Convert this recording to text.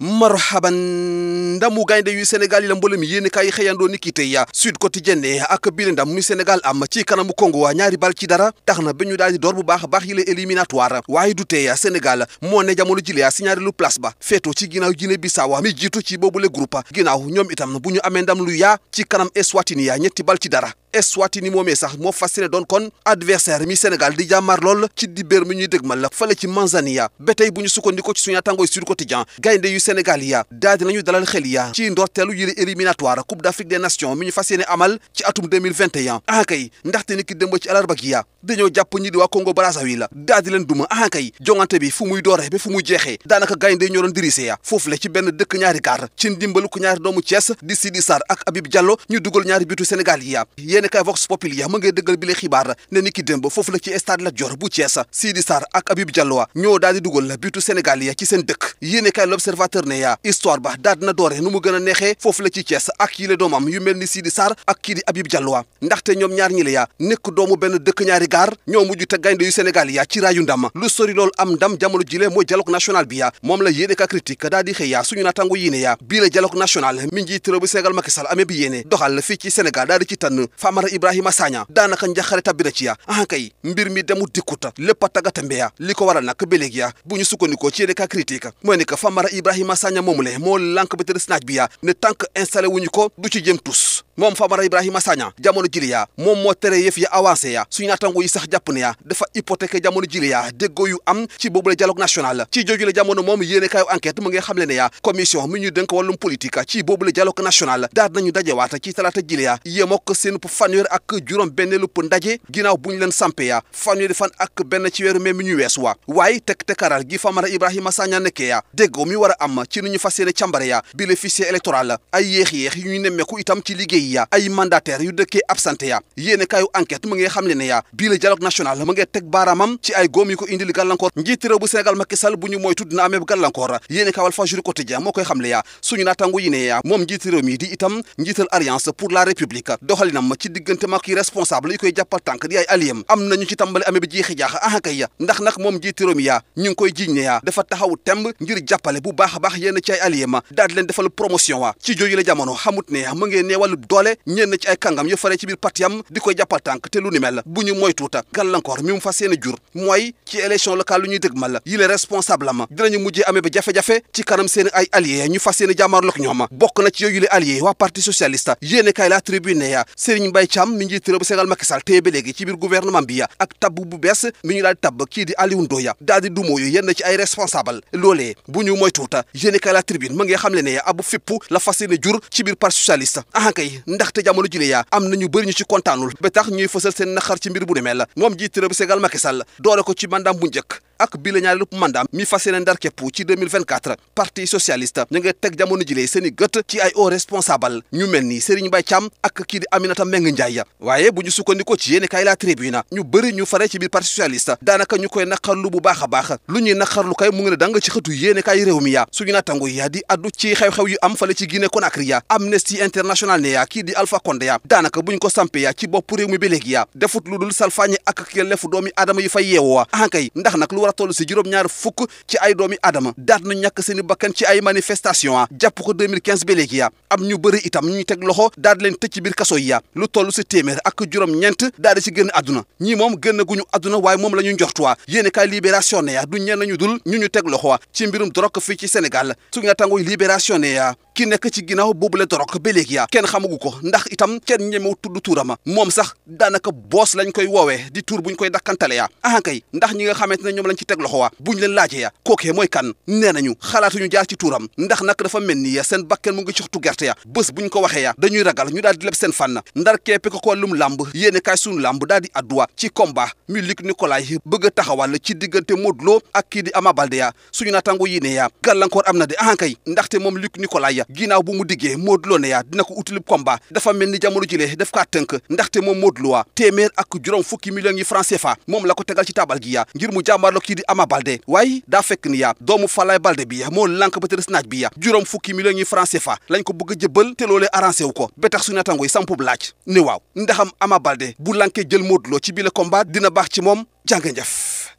marhaban ndamu gaynde yu Sénégal yi la mboolem yéen kaay xëyandoo ni kii tey Sud Quotidien ne ak bile ndam mi Sénégal am ci kanamu Congo ñaari bal ci dara tax na ba ñu daal di door bu baax a baax yi la éliminatoire waaye du tey Sénégal moo ne jamono jile si ñaareelu place ba feeto ci ginnaaw Guinée Bissau mi jiitu ci boobule groupe ginnaaw ñoom itam bu ñu amee ndam lu yaa ci kanam Eswatini ya ñetti bal ci dara Eswatini moomee sax moo fas yéene doon kon adversaire mi Sénégal di lool ci dibéer mi ñuy dëgmal fale ci Tanzania ba tey bu ñu sukkandikoo Sénégal ya daal dinañu dalal xel ya ci ndorteelu yile éliminatoire Coupe d'Afrique des Nations mi ñu fas amal ci atum 2021 ah kay ndaxte ni ah, kay jongante bi fu muy doore ba fu muy jeexee daanaka gaynde ñoo doon dirise ya foofu la ci benn dëkk ñaari gaar ñaari doomu Thiès di Sidi ñu dugal ñaari bitu Sénégal yi ya yéeni kay Vox Populi ya mu ngey dëggal bi le xibaar ne ni ki démb foofu ci stade Lat Dior bu Thiès Sidi di dugal la bitu Sénégal ya ci seen l'observateur ne yaa histoire ba daal dina doore nu mu gën a neexee foofu la ci Thiès ak yile doomam yu mel ni Sidi Sarr ak kii di Habib Diallo ndaxte ñoom ñaar ñi la yaa nekk doomu benn dëkk ñaari gaar ñoo mujj te gaynde yu Sénégal yaa ci raayu ndam lu sori loolu am ndam jamono jile mooy dialogue national bi yaa moom la yéene ka critique daal di xëy yaa suñu naatango yéene yaa bii la dialogue mi ngi tërë bu Sénégal amee bi yéene doxal fii ci na ci yaa ahankay mbir mi demu dikkuta lépp a tagatambe li ko waral nag ba léegi yaa bu Guy Massagna moomu le moo lànk ba tëdd si naaj bi yaa ne tànk installé wuñu ko du ci jëm tus moom Famara Ibrahima Sagna jamono jili yaa moo tere yëf ya avancé ya suñu naatango yi sax jàpp ne ya dafa hypothéqué jamono jili am ci boobu la dialogue national ci jooju jamono moom yéene kaayu enquête mu ngi xam le ne ya commission mi ñu dënk wàllum politique ci boobu la dialogue national bu ñu leen sampé ya fan ak benn ci weeru mai mi waaye teg tekaral gi Famara Ibrahima Sagna nekkee ya déggoo mi a am ci nu ñu fas yéene càmbare ya bi le ay yéex-yéex yu ñu nemmeeku itam ci liggéey ya ay mandataires yu dëkkee absenté ya xam le ne yaa bii la dialogue national mu ngi teg baaraamam ci ay góom yu ko indil gàllankoor njiiti réew bu Sénégal Macky Sall bu ñu moo koy xam le yaa suñu naatango yi ne yaa moom njiiti mi di itam njiital alliance pour la république doxalinam ci diggante mag yi responsable yi koy jàppal tànk di ay aliyem am nañu ci tàmbali amee bi jeexi ah ya ndax nag moom njiiti mi yaa ñu ngi koy jiiñ ne yaa dafa a doole ñenn ci ay kàngam yu fare ci biir partiyam di ko jàppal tànk te lu ni mel bu ñu moytuuta gàllankoor mi mu fas yéene jur mooy ci élection locale lu ñu dëgmal yi les responsable am dinañu mujjee amee ba jafe-jafe ci kanam seen ay alliés ñu fas yéene jàmmaarloog ñoom bokk na ci yooyu les alliés waa parti socialiste yéene kaay la tribune ya Serigne Mbaye Thiam mi njiit réew bu Sénégal Macky Sall téye ba léegi ci biir gouvernement bi ya ak tabb bu bees mi ñu daal kii di Aliou Ndoya daal di dumóoyu yenn ci ay responsable loolee bu ñu moytuuta yéene kaay la tribune ma ngi xam ne abu fippu la fas yéene jur ci biir parti socialiste ahankay ndaxte jamono jile yaa am na ñu bëri ñu ci kontaanul ba tax ñuy fësal seen naqar ci mbir bu demee la moom jiite réew bi Sénégal Macky Sall doore ko ci mandaam bu njëkk ak bi la ñaari lupp mandat mi fas yéene ndar képp ci 2024 parti socialiste ñu ngi teg jamono jile seen i gët ci ay hauts responsables ñu mel ni Serigne Mbaye Thiam ak kii di Aminata Mbengue Ndiaye waaye bu ñu sukkandikoo ci yéeni kaay la tribune ñu bëri ñu fare ci biir parti socialiste daanaka ñu koy naqarlu bu baax a baax lu ñuy naqarlu kay mu ngi ne danga ci xëtu yéeni kaay réew mi ya suñu natango ya di addu ci xew-xew yu am fale ci Guinée Conakry ya Amnesty International ne kii di Alpha Condé ya daanaka bu ko sampe ya bopp réew mi ba léegi ya defut lu dul salfaañe ak yelleefu doomi aadama yi fay yeewoo ankay ndax nag war a si juróom-ñaar fukk ci ay doomi aadama daat na ñàkk seen i bakkan ci ay manifestation a ah. jàpp ko 2015 ba léegi ya ah. am ñu bëri itam ñu ñu teg loxo daal di leen tëj ci biir kaso yi ya ah. lu toll si téeméer ak juróom-ñeent daal di si génn àdduna ñii moom génn guñu àdduna waaye moom la ñu njortuwaa yéene kaay libération ne ya du ñeen ñu dul ñu ñu teg loxo ci mbirum drogue fii ci Sénégal su nga tàngoy libération ne ya ki nekk ci ginnaaw boobule dorog ba léegi yaa kenn xamagu ko ndax itam kenn ñemew tudd tuurama moom sax daanaka boos lañ koy woowee di tuur buñ koy dakkantale yaa ahankay ndax ñi nga xamante ne ñoom lañ ci teg loxo waa buñ leen laaje ya mooy kan nee nañu xalaatuñu jaar tuuram ndax nag dafa mel ni ya seen bakken mu ngi coxtu gerte ya bés buñ ko waxee ya ragal ñu daal di leb seen fànn ndar keepe ko ko lum làmb yéene kaay daal di adduwa ci combat mi Luc Nicolaï bëgg a taxawal ci diggante Modou Lo ak kii di Ama Baldé ya suñu naatango yi ne ya gàllankoor am na de ahankay ndaxte moom Luc Nicolaï ginnaaw bu mu diggee Modou Lo ne yaa dina ko utilib combat dafa mel ni jamono jile daf kaa tënk ndaxte moom Modou Lo waa téeméer ak juróom fukki millions yi franc CFA moom la ko tegal ci taabal gi yaa ngir mu jàmbaarloo kii di Ama Baldé waaye daa fekk ni yaa doomu Falaye Baldé bi ya moo lànk ba tërës naaj bi ya juróom fukki millions yi franc CFA lañ ko bëgg a jëbal te loolee arrangé wu ko ba tax suñu natango yi sampub laaj ne waaw ndaxam Ama Baldé bu lànkee jël Modou Lo ci bile combat dina baax ci moom jànge njëf